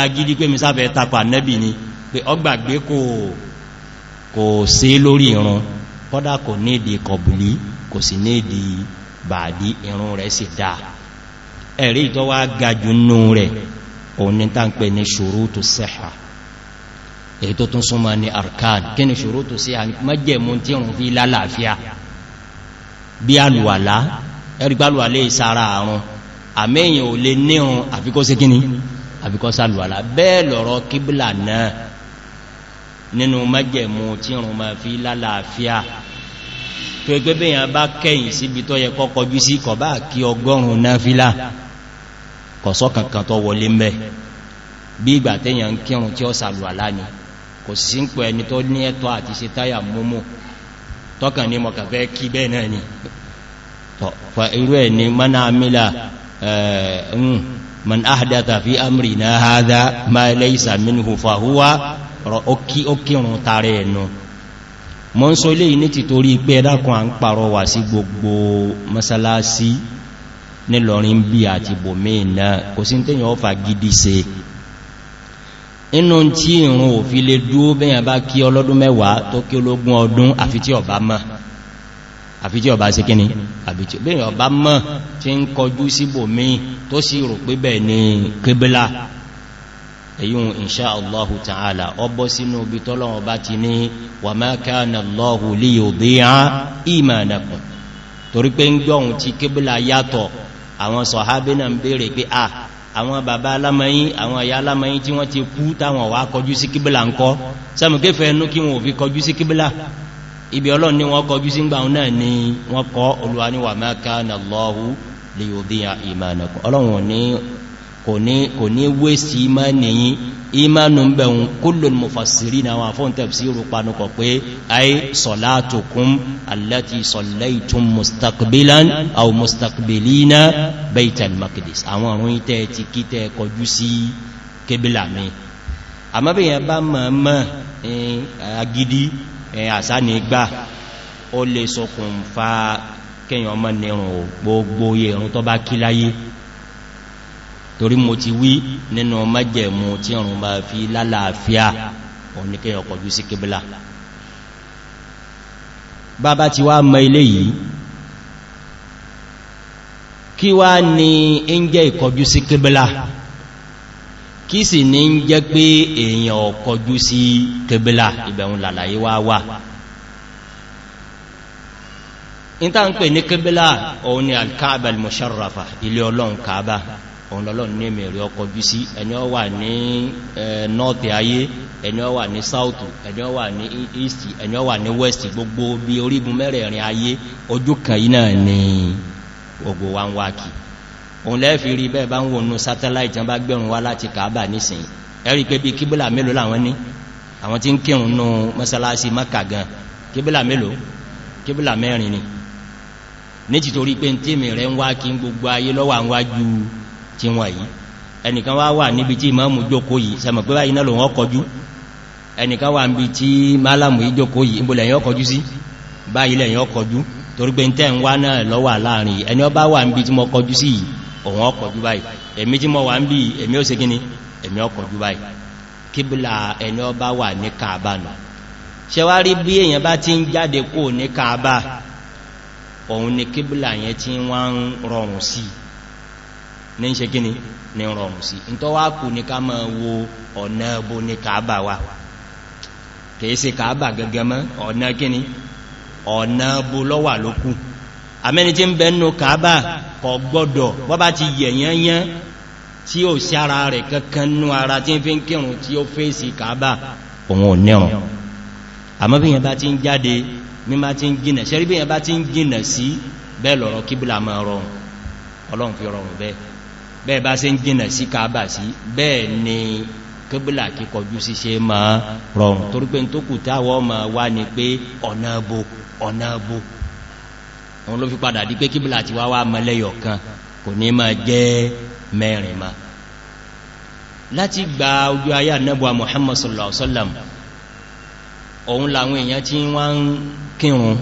lágídí pé misáfẹ́ tapà nẹ́bì ni pé ọgbàgbé kò sí lórí ìrun kọ́dá kò ní èdè kọ̀bùlí kò sí ní èdè bàdí ìrun rẹ̀ sì dáa ẹ̀rí tó wá gajù nú rẹ̀ òun ní tàǹpẹ̀ ní ṣurutu sihha èyí tó tún súnmọ́ ní arkan kí ni ṣurutu sihha mọ́jẹ̀mú tí ìrun fi lálàáfíà bí alùwàlá ẹ̀rí gbálùwàlé ìsára àrùn àmẹ́yìn ò lè nírun àfikó kíní àbíkọ́ sàlùwàlá bẹ́ẹ̀ lọ̀rọ̀ kíbìlà náà nínú mẹ́jẹ̀mú tí rùn ma fi lálàáfíà tó ẹgbẹ́ bẹ́yàn bá kẹ́yìn síbi tó yẹ kọ́kọ́ jú sí kọ̀ bá kí ọgọ́rùn náfílà kọ̀sọ́ kankan tó wọlé mẹ́ bí ìgbà tẹ́yàn kírun ni kò sí ń fa irú ni mọ́nà amílà man ahdatha fi amrina hadha ma laysa minhu fa huwa oki okirun tare ẹnu mo ń sọ ilé yìí ní títorí pé ẹdákan à ń pàrọ̀ wà sí gbogbo masalasi nílọrin bí àti bòmíì náà kò sí tẹ́yìn ọfà gidi se inú tí ìrùn òfin lè dúó bẹ́yàn bá kí ọlọ́dún mẹ́wàá tó kí ológun ọdún àfi tí ọba máa àfi tí ọba sí kíni àbí tí bí ọba mọ́ tí ń kọjú síbò mí tó sì rò pé bẹ̀ ní kébílá èyún inṣá allahu ta'ala ọbọ́ sínú ibi tọ́lọ́wọ́ bá ti ní wà máa káàna allahu lè òdí á ìmànàkùn torí pé ń gbọ́hun ti kébílá yàtọ̀ àwọn sọ̀hábé náà ń bèèrè pé à àwọn bàbá alámọ́yí àwọn àyà alámọ́yí tí wọ́n ti kú táwọn wà kọjú sí kíbílà ń kọ́ sẹ́mù kéfẹ́ ẹnu kí wọn fi kọjú sí kíbílà ibi ọlọ́run ní wọ́n kọjú sí gbàun náà ni wọ́n kọ́ olúwa ní wà ma kana Allahu li yudhi'a imanakum ọlọ́run kò ní wéṣì ìmánì yín ìmánù ń bẹ̀rún kullul mufassirina wà fún tafsiru panukọ̀ pé ay salatukum allati sallaytum mustaqbilan aw mustaqbilina baytal maqdis àwọn ọ̀run ìtẹ́ ti kítẹ́ kọjú sí kébìlà mi àmọ́bìyàn bá mọ̀ mọ́ eh, agidi àṣà ní gbà ó lè sọkùn fa kíyàn ọmọ nìrùn gbogbo ìrùn tó bá kí láyé torí mo ti wí nínú mẹ́jẹ̀mú tí ìrùn bá fi lálàáfíà òní kíyàn kọjú sí kíbílà bàbá ti wá mọ ilé yìí kí wá ní ń ìkọjú sí kíbílà kí sì ní ń jẹ́ pé èèyàn ọ̀kọjú sí kẹbílà ìbẹ̀rún làlàyé wá wà ìta ń pè ní kẹbílà òun ni alkaaba al-musharrafa ilé ọlọ́run kaaba òun lọ́lọ́run ní mẹ̀rẹ̀ ọkọjú sí ẹni ọ wà ní north ayé ẹni ọ wà ní south ẹni ọ wà ní east ẹni ọ wà ní west gbogbo bí orígun mẹ́rẹ̀ẹ̀rin ayé ojú kan yìí náà ni gbogbo wa ń wákìí òun lẹ́ẹ̀fì rí bẹ́ẹ̀ bá ń wọnú satellite jẹ́ bá gbẹ̀rún wá láti kàábà nísìn ẹ̀rí pé bí kíbílà mélòó làwọn ní àwọn tí ń kírun nú mọ́sálásí mọ́kà gan kíbílà mélòó kíbílà mẹ́rin ni ní títorí pé tíìmì rẹ̀ ń wá kí gbogbo ayé lọ́wọ́ àwọn wájú tí wọ́n yìí ẹnìkan wá wà níbi tí ìmáàmù jókòó yìí sẹmọ̀ pé báyìí náà lòun ọkọjú ẹnìkan wà níbi tí málàmù yìí jókòó yìí níbo lẹ́yìn ọkọjú sí báyìí lẹ́yìn ọkọjú torí pé ń tẹ́ ń wá náà lọ́wà láàrin ẹni ọ wà níbi tí mo kọjú sí yìí òun ọkọ̀ jù báyìí èmi tí mọ́ wà ń bí èmi ó ṣe gíní èmi ọkọ̀ jù báyìí kíbùlà ẹni ọba wà ní kaaba nù ṣẹwárí bí èyàn bá ti ń jáde kó ní kaaba òun ni kíbùlà yẹn tí wọ́n ń rọrùn sí ní ṣe gíní ní rọrùn sí ń tọ́ wá kù ní ká mọ́ wo ọ̀nà bo ní kaaba wa kìí ṣe kaaba gẹ́gẹ́ mọ́ ọ̀nà kíní ọ̀nà bo lọ́wà lókùn àmẹ́ni tí ń bẹ nù kàábà kọ̀ gbọ́dọ̀ wọ́n bá ti yẹ̀yẹnyẹn tí ó sí ara rẹ̀ kankan nú ara tí ń fi ń kírùn tí ó fèsì kàábà òun ò nẹ́rùn àmọ́ bí yẹn bá ti ń jáde mímá ti ń gínà ṣẹ́rí bí yẹn bá ti ń gínà sí bẹ́ẹ̀ lọ̀rọ̀ kíbùlà máa rọrùn ọlọ́run fi rọrùn bẹ́ẹ̀ òun ló fi padà di pé kíbìlà ti wá wá mẹ́lẹ́yọ̀ kan kò ní máa jẹ́ mẹ́rin ma láti gba ojú ayá nẹ́bùwa Muhammad sallallahu alaihi wasallam òun làwọn èèyàn tí wọ́n ń kírun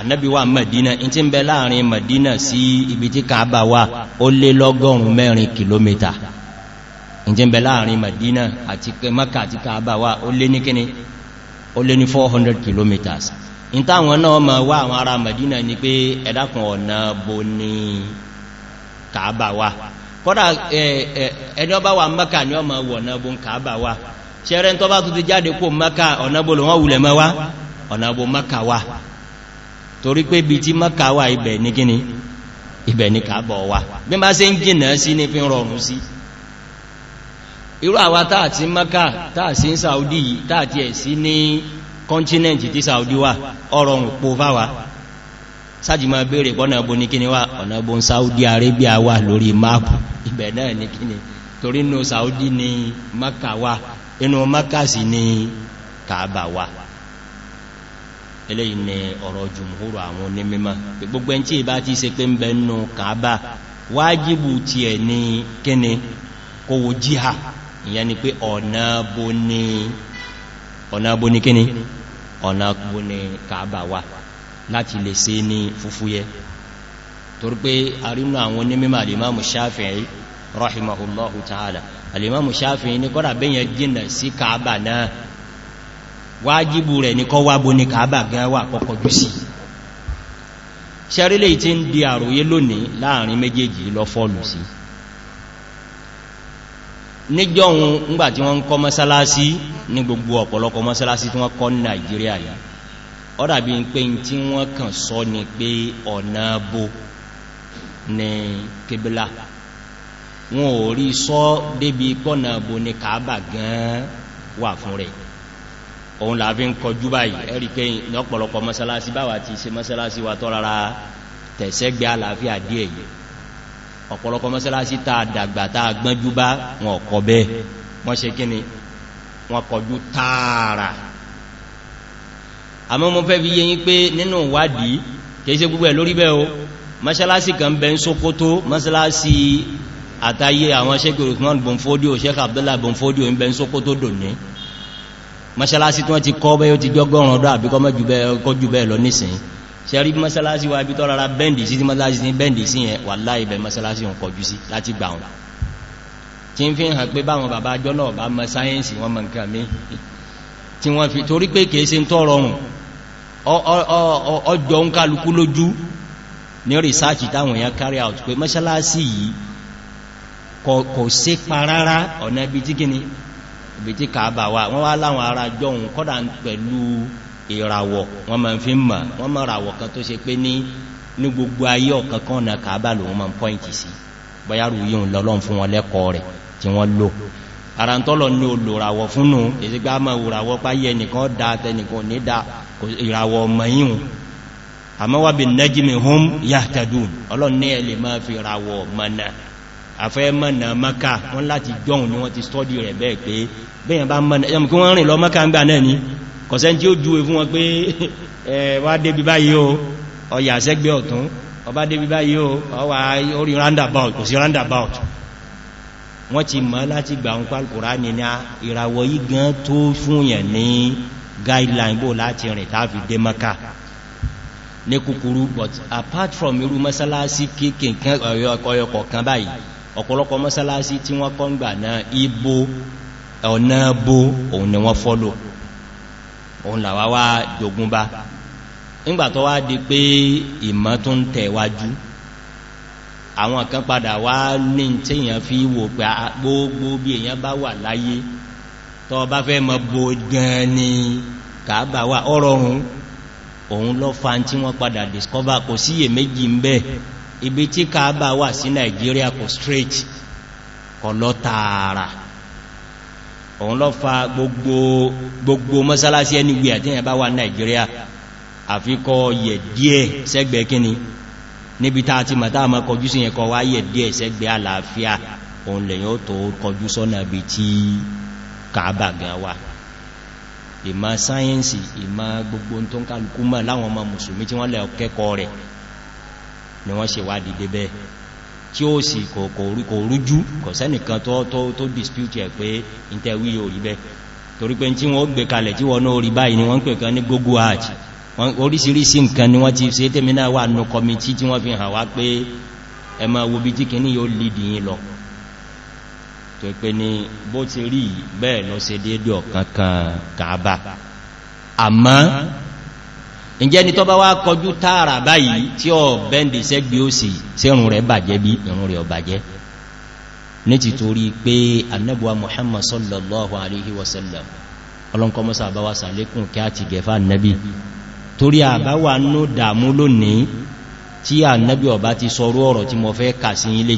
ànábì wà Madina in ti ń bẹ láàrin Madina sí ibi tí Kaaba wà ó lé lọ́gọ́rùn mẹ́rin kìlómítà in ti ń bẹ láàrin Madina àti Maka àti Kaaba wà ó lé ní kíni ó lé ní 400 kilometers in táwọn náà ma wá àwọn ará Madina ni pé ẹ̀dàkùn ọ̀nà bo ni kàábà wà kọ́dà ẹni ọba wà Mẹ́kà ni ọmọ wọ̀nà bo kàábà wà ṣẹ́rẹ́ tó bá tún ti jáde kó Mẹ́kà ọ̀nà bo lọ wọ́n wulẹ̀ mọ́ wá ọ̀nà bo Mẹ́kà wà torí pé bí tí Mẹ́kà wà ibẹ̀ ní gíní ibẹ̀ ní kàábà wà bí má ṣe ń jìnà sí ní fi rọrùn sí irú àwa táà ti Mẹ́kà táà sí Saudi táà ti ẹ̀ sí ní kọ́ntínẹ̀ntì tí saudi wa ọ̀rọ̀ òpó fáwà sáàjì máa bèèrè pọ́nà ọbọ̀ ní kíni wà ọ̀nà ọbọ̀ saudi arabia wa lórí máàpù ibẹ̀ náà ní kíni torí inú saudi ni maka wà inú maka sì ni kaaba wà eléyìn ni ọ̀rọ̀ jùmúhúrò àwọn onímímọ̀ gbogbo ẹn tí ìbá ti se pé ń bẹ nù kaaba wájìbù ti ẹ̀ ní kíni kówó jíhà ìyẹn ni pé ọ̀nà bo ní kíni ọ̀nà gbogbo ní kàábà wà láti lè ṣe ní fúfúyẹ́ torí pé arínú àwọn onímọ̀ alìmáàmù Shafi'i rahimahullahu ta'ala alìmáàmù Shafi'i ní kọ́dà bẹ́yẹn jìnà sí kàábà náà wájíbù rẹ̀ ní kọ́ wábó ní kàábà gan wà kọ́kọ́ jú sí ṣẹ́rílẹ̀ tí ń di níjọ́ ohun ńgbà tí wọ́n ń kọ́ mọ́sálásí ní gbogbo ọ̀pọ̀lọpọ̀ mọ́sálásí tí wọ́n kọ́ ní Nàìjíríà yìí ọ́dà bí n pé tí wọ́n kàn sọ ni pé ọ̀nà bo ní kébílà wọn ò rí sọ débi pọ́nà bo ní kàábà gan wà fún rẹ̀ òun là fi ń kọjú báyìí ẹ̀rí pé ọ̀pọ̀lọpọ̀ mọ́sálásí báwa ti ṣe mọ́sálásí wa tọ́ rárá tẹ̀sẹ́gbẹ́ àlàáfíà díẹ̀ yìí ọ̀pọ̀lọpọ̀ mọ́sálásí tá dàgbà tá gbọ́njú bá wọn kọ́ bẹ́ẹ̀ wọ́n ṣe kíni wọn kọjú tààrà àmọ́ mo fẹ́ fi yé yín pé nínú ìwádìí kìí ṣe gbogbo ẹ̀ lórí bẹ́ẹ̀ o mọ́sálásí kan bẹ ń Sókótó mọ́sálásí àtayé àwọn ṣẹ́kì Usman Bonfodio Sheikh Abdullah Bonfodio ń bẹ ń Sókótó dòní mọ́sálásí tí wọ́n ti kọ́ bẹ́ẹ̀ ó ti jọ́gọ́rùn ọdọ́ àbíkọ́ mọ́jú bẹ́ẹ̀ lọ nísìnyí ṣẹ̀rí masalasi wa ibi tọ́rara bẹ́ndì sí tí mọ́sálásí ní bẹ́ndì sí yẹn wà láì bẹ mọ́sálásí òun kọjú sí láti gbà wọn tí ń fi hàn pé báwọn bàbá ajọ́ náà bá mọ́ sáyẹ́nsì wọn mọ̀ nǹkan mi tí wọ́n fi torí pé kìí ṣe ń tọ́rọrùn ọjọ́ ń kálukú lójú ní rìsáàkì táwọn èèyàn carry out pé masalasi yìí kò sí pa rárá ọ̀nà ibi tí kìíní ibi tí kàábà wà wọ́n wá láwọn ará jọun kọ́dà pẹ̀lú ìràwọ̀ wọ́n ma fi mọ̀ wọ́n mọ̀ ràwọ̀ kan tó ṣe pé ní ní gbogbo ayé ọ̀kankan na kàábà lòun ma ń pọ́ìntì sí bọ́yárù yíò lọ́lọ́n fún wọn lẹ́kọ̀ọ́ rẹ̀ tí wọ́n lò ara ń tọ́lọ ní olùràwọ̀ fúnnù ìsígbá ma òràwọ̀ páyẹ nìkan dá tẹnìkan ní dá ìràwọ̀ ọmọ yíhun àmọ́ wà bí wọ́n láti jọun ni wọ́n ti stọ́dì rẹ̀ kọ̀sẹ́ tí ó júwe fún wọn pé wá débi báyìí o ọ̀yà sẹ́gbẹ́ ọ̀tún ọba débi báyìí o ọwà orí roundabout kò sí roundabout wọ́n ti mọ́ láti gbà ń pàlùkùrá ní ní ìràwọ̀ yí gan tó fúnyàn ní guideline bó láti rìn tàbí dé maka ní kúkúrú but apart from irú mọ́sálásí kéèkèé ọ̀yọ̀kọ̀ kan báyìí ọ̀pọ̀lọpọ̀ mọ́sálásí tí wọ́n kọ́ ọ̀nà bo òun ni wọ́n fọ́lọ̀ òun làwá wá jogun bá nígbàtọ́ wá di pé ìmọ̀ tó ń tẹ̀wájú àwọn kan padà wá ní tí èyàn fi wò pé ah, gbogbo bí èyàn bá wà láyé tó bá fẹ́ mọ bó gan ni kàábà wà ọ̀rọ̀ òun lọ fa tí wọ́n padà discover kò síyè méjì ń bẹ ibi tí kàábà wà sí Nàìjíríà kò straight kò lọ tààrà òun lọ fa gbogbo gbogbo mọ́sálásí ẹni wíyà tí yẹn bá wà nàìjíríà àfikọ́ yẹ̀ díẹ̀ sẹ́gbẹ̀ kíni níbi tàà ti màtà àmọ́ kọjú sí yẹn kọ wá yẹ̀ díẹ̀ sẹ́gbẹ̀ àlàáfíà òun lè yóò tó kọjú sọ́nà bí tí kàábà gan wà ni wọ́n ṣe wádìí tí ó sì kò rújú kò sẹ́nìkan tó dispute ẹ̀ pé ìtẹ̀wí yóò rí bẹ́ torí pé tí wọ́n gbé kalẹ̀ tí wọ́n náà báyìí ni wọ́n pè kan ní gógó art orísìírísìí nǹkan ni wọ́n ti ṣe tẹ́mínà wà nù kọmití tí wọ́n fi hàn wá pé ẹmọ wo tí kìíní yóò lìdì yìí lọ tó pé ní bó ti rí bẹ́ẹ̀ lọ ṣe déédé ọ̀kankan kàábà àmọ́ ǹjẹ́ ni tọ́ bá wá kọjú tààrà báyìí tí ọ bẹ́ndì sẹ́gbì ó sì sẹ́rùn rẹ̀ bàjẹ́ bí ìrùn rẹ̀ ọbàjẹ́ ní ti torí pé annabuwa muhammad sallallahu alaihi wasallam ọlọ́nkọmọ́sá àbáwá sàlékún kí a ti gẹ̀fà annabi torí àbáwá nú dàmú lónìí tí annabi ọba ti sọrú ọ̀rọ̀ tí mo fẹ́ kà sí ilé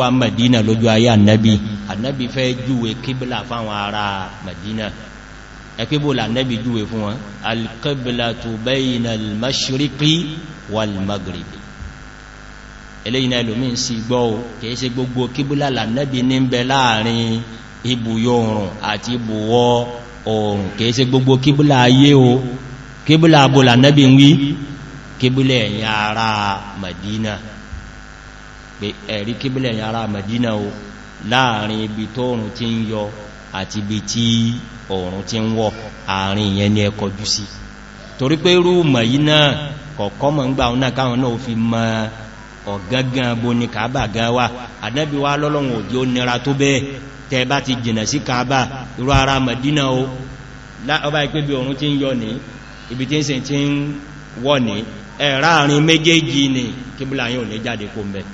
wa madina lójú ayé annabi annabi fẹ́ júwe kíbílà fáwọn ará madina ẹ̀pẹ́ bó lànẹ́bì júwe fún wọn alqiblatu bayna al-mashriqi wal-maghribi eléyìn ẹlòmí sí gbọ́ o kìí ṣe gbogbo kíbùlà lànẹ́bì ní bẹ láàrin ibùyọ oòrùn àti ibùwọ̀ oòrùn kìí ṣe gbogbo kíbùlà ayé o kíbùlà abò lànẹ́bì ń wí kíbùlà ẹ̀yìn ara Madina pé ẹ̀rí kíbùlà ẹ̀yìn ara Madina o láàrin ibi tóòrùn ti ń yọ àti ibi tí oòrùn ti ń wọ àárín ìyẹn ni ẹkọjú sí torí pé rúùmọ̀ yìí náà kọ̀kọ́ mọ̀ ń gbà ọ̀nà káwọn náà fi mọ ọ̀gángan bo ni kàábà gan wa àdẹ́bí wa lọ́lọ́run òdí ó nira tó ni kíbùlà yóò ní jáde kó mẹ́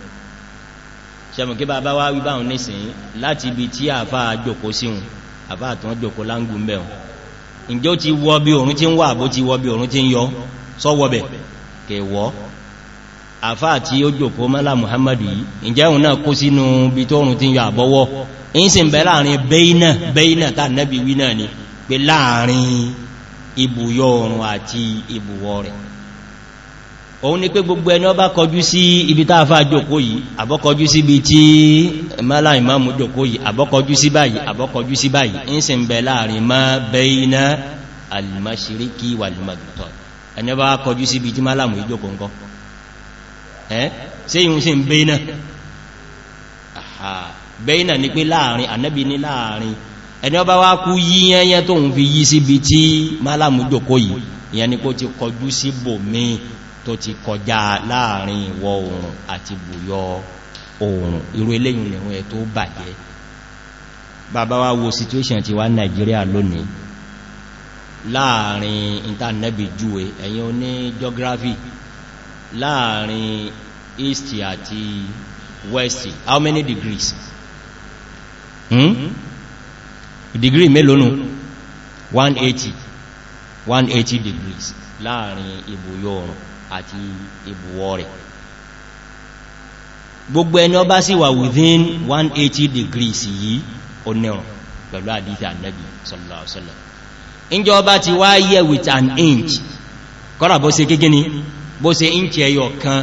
ṣẹmù kí bàbá wa wíbáhùn nísìn láti ibi tí àfáà jòkó síhun àbá àtúnwọ́n jòkó láńgù ń bẹ̀rùn ǹjẹ́ ó ti wọ bí òrùn tí ń wà bó ti wọ bí òrùn tí ń yọ sọ́wọ́bẹ̀ kẹwọ́ àfá àti ó jòkó mọ́lá muhammadu yìí ǹjẹ́ òun náà kó sínú bí tó òrùn tí ń yọ àbọ́wọ́ ń sì ń láàrin bẹ́ẹ̀nà bẹ́ẹ̀nà tá nẹ́bí wí náà ni pé láàrin ibùyọ òrùn àti ibùwọ rẹ̀ òun ni pé gbogbo ẹni ọba kọjú sí ibi tá a fà jòkó yìí àbọ́kọjú sí ibi tí mọ́lá ìmáàmù jòkó yìí àbọ́kọjú sí báyìí àbọ́kọjú sí báyìí ń sì ń bẹ láàrin mọ́ bẹ́yìnà alìmọ́ṣiríkì wà lùmọ̀tọ̀ ẹni ọba kọjú sí ibi tí mọ́láàmù ìjòkó ńkọ́ ẹ́ sí tó ti kọjá láàrin ìwọ̀ oòrùn àti bùyọ oòrùn irú eléyìn lẹ́wọ́n ẹ̀ tó bàjẹ́ bàbá wa wo situation ti wá Nàìjíríà lónìí láàrin intanẹ́bì júwe ẹ̀yin oní geography láàrin east àti west how many degrees hmm? degree mélòó nù 180 180 degrees láàrin ibùyọ oòrùn àti ibùwọ́ rẹ̀ gbogbo ẹni ọba sí wà within 180 degrees yìí ó nẹ́rùn pẹ̀lú àdífẹ́ ànẹ́bì sọ̀lọ̀sọ̀lọ̀ ìjọ ọba ti wá yẹ with an inch kọ́rà bó se gígíní bó se inch ẹyọ kan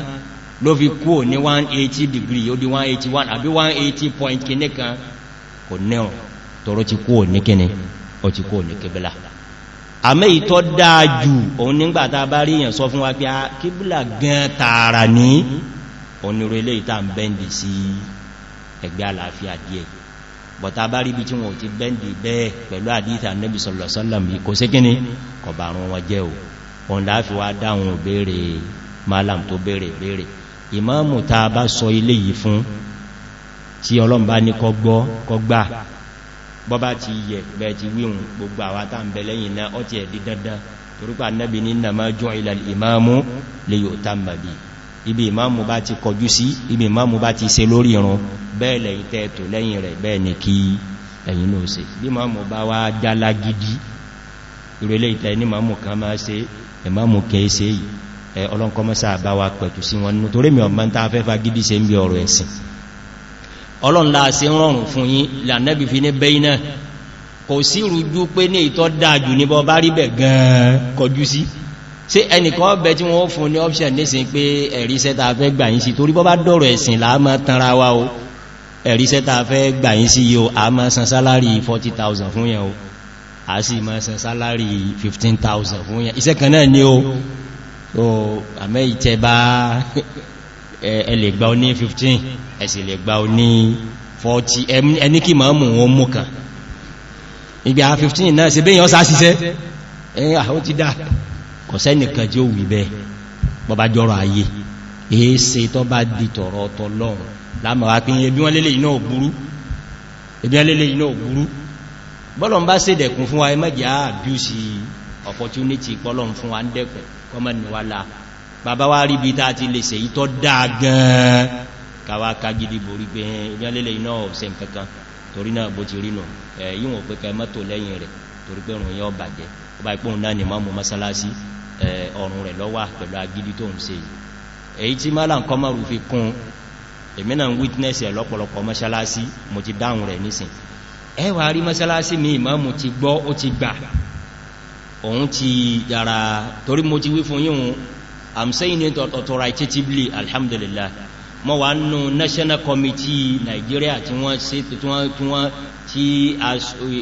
ló fi kú ní 180 degree ó di 181 àbí 180 point kìíní kan kò nẹ́rùn tọrọ ti kú ní kíní ó ti kú ní kébílá àmẹ́ ìtọ́ dáa jù òun nígbàtà bá rí èyàn sọ fún wa pé a ah, kíbùlà gan tààrà ní onírò ilé ìta ń bẹ́ndì sí ẹgbẹ́ àlàáfíà díẹ̀ bọ̀ta bá rí bí tí wọ́n ti bẹ́ndì bẹ́ẹ̀ pẹ̀lú àdíta malam tó béèrè béèrè ìmọ́mù ta bá sọ ilé yìí fún bọ́bá ti yẹ bẹ́ẹ̀ ti wíhun gbogbo àwa tá náà ó ti ẹ̀ di dandan torípa nẹ́bi ní nàmá jọ ilẹ̀ ìmáàmú lè yóò tá mà bí ibi ìmáàmù bá ti kọjú sí ibi ìmáàmù bá ti se lórí irun bẹ́ẹ̀ lẹ́yìn tẹ́ẹ̀tò lẹ́yìn rẹ̀ bẹ́ẹ̀ ni kí ẹ̀yìn náà se bí ìmáàmù bá wá dálá gidi ìrẹ̀lẹ̀ ìtẹ́ ọlọ́nlá sí rọrùn fún yín lànẹ́bì fi ní bẹ́ẹ̀nà kò sí rújú pé ní ìtọ́ dájú ní bọ́ bá rí bẹ̀ gan kọjú sí sí ẹnìkan ọbẹ̀ tí wọ́n fún ní option nísìn pé ẹ̀rí sẹ́ta fẹ́ gbà yín sí torí bọ́ bá dọ̀rọ̀ ẹ̀sìn láàmà tanra wa o ẹ̀rí sẹ́ta fẹ́ gbà yín sí yíò a máa san sálárì 40,000 fún yẹn o a sì máa san sálárì 15,000 fún yẹn iṣẹ́ kan náà ni o so àmẹ́ ìtẹ́ bá ẹ lè gba oní 15 ẹ sì lè gba oní 40 ẹni kí máa mú wọn mú kàn ìgbà 15 náà ṣe bẹ́yàn sá síṣẹ́ ẹ̀yìn àwọn ti dá kò sẹ́nìkan jí ó wì bẹ́ bọ́bá jọrọ ayé èése tó bá di tọ̀rọ ọ̀tọ̀ lámàá pín ebi wọ́n lélẹ̀ iná ògbúrú ebi wọ́n lélẹ̀ iná ògbúrú bọ́lọ̀ ń bá sèdẹ̀kùn fún wa ẹmẹ́jì á àbúsì opportunity pọ́lọ̀ fún wa ń dẹ́kùn kọ́mọ̀ níwálàá bàbá wá rí bí tàà ti lè ṣe ìtọ́ dáa gan káwà ká gidi borí pé ìyánlélẹ̀ iná ọ̀sẹ̀ kankan torí náà bó ti rí nù yíwọ̀n pé kẹ mọ́tò lẹ́yìn rẹ̀ torí pé òun yọ bàjẹ́ ó bá ipò náà ni mọ́mù mọ́sálásí ọ̀run rẹ̀ lọ́wà pẹ̀lú agidi tó ń ṣe èyí tí má fi kún èmi náà witness ẹ̀ lọ́pọ̀lọpọ̀ mọ́sálásí mo ti dáhùn rẹ̀ nísìn ẹwà rí mọ́sálásí mi ìmọ́mù ti gbọ́ ó ti gbà òun ti yàrá torí mo ti wí fún yíhun i'm saying it authoritatively alhamdulillah mo wà nù national committee nigeria tí wọ́n ṣe tí wọ́n tí wọ́n tí